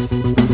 Thank you.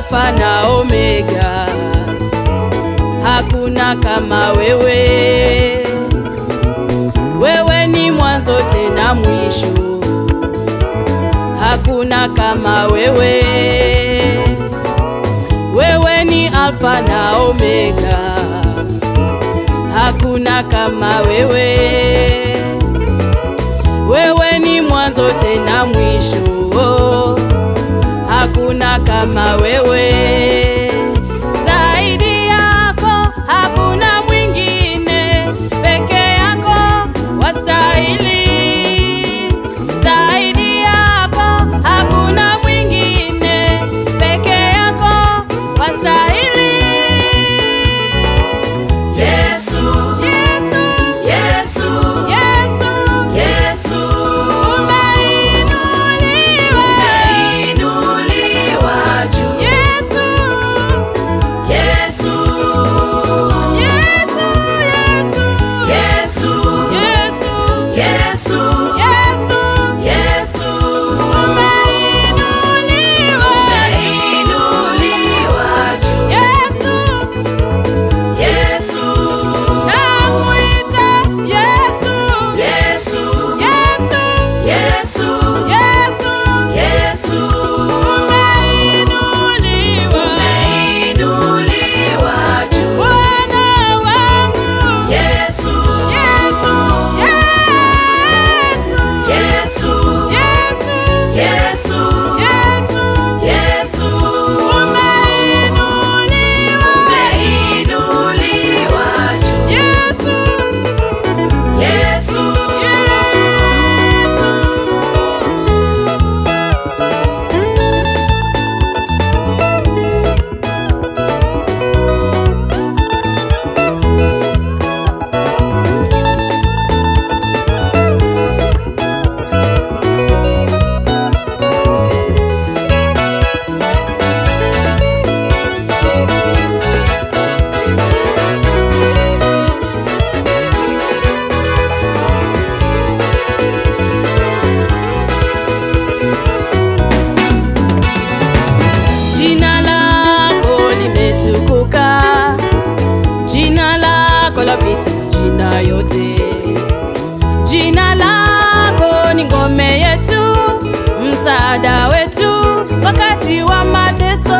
Alfa na Omega, hakuna kama wewe. Wewe ni mwanzo tena mwisho, hakuna kama wewe. Wewe ni Alfa na Omega, hakuna kama wewe. hakuna kama wewe. Jesus. ngome yetu, msaada wetu wakati wa mateso.